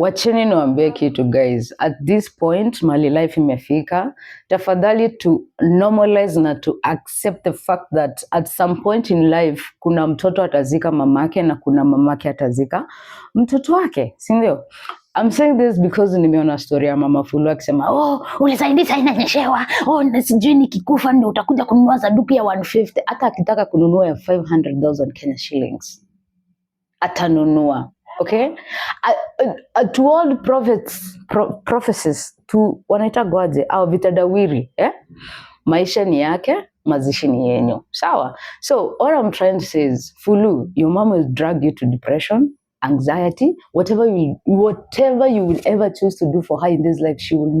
Wacheni niwaambie kitu guys, at this point mali life imefika. Tafadhali to normalize na to accept the fact that at some point in life kuna mtoto atazika mamake na kuna mamake atazika mtoto wake, si ndio? I'm saying this because nimeona story ya mama Fulu akisema oh, ulisaidia nyeshewa oh, sijui nikikufa ndio utakuja kununua sanduku ya 150. Hata akitaka kununua ya 500,000 Kenya shillings atanunua okay uh, to all prophets pro, prophecies tu wanaitagwaje au vitadawiri eh? maisha ni yake mazishi ni yenyu sawa so all I'm trying to say is fulu your mom will drag you to depression anxiety whatever you whatever you will ever choose to do for her in this life she will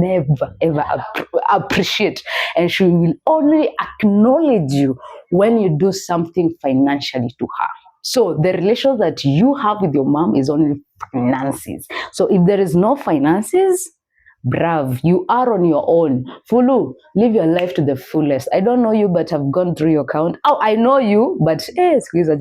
never ever ap appreciate and she will only acknowledge you when you do something financially to her So the relationship that you have with your mom is only finances. So if there is no finances, Brave, you are on your own. Fulu, live your life to the fullest. I don't know you, but I've gone through your account. Oh, I know you, but eh, siku hizi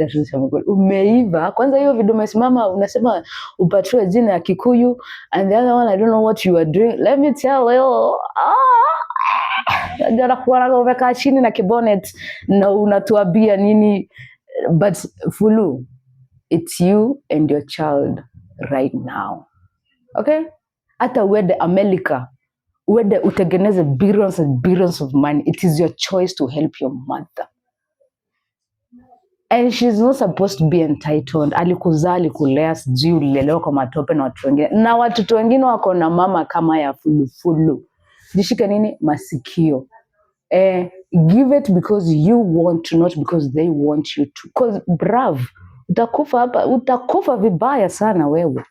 umeiva. Kwanza hiyo video umesimama unasema upatiwe jina ya Kikuyu and the other one I don't know what you are doing. Let me tell you. Ah, eh, jana kuona umekaa chini na kibonet na unatuambia nini but Fulu, it's you and your child right now. Okay? Hata uende America, uende utengeneze billions and billions of money, it is your choice to help your mother. And she's not supposed to be entitled. Alikuzaa, alikulea, sijui ulilelewa kwa matope na watu wengine, na watoto wengine wako na mama kama ya fulufulu. Jishike nini masikio eh? give it because you want to not because they want you to because brav utakufa hapa utakufa vibaya sana wewe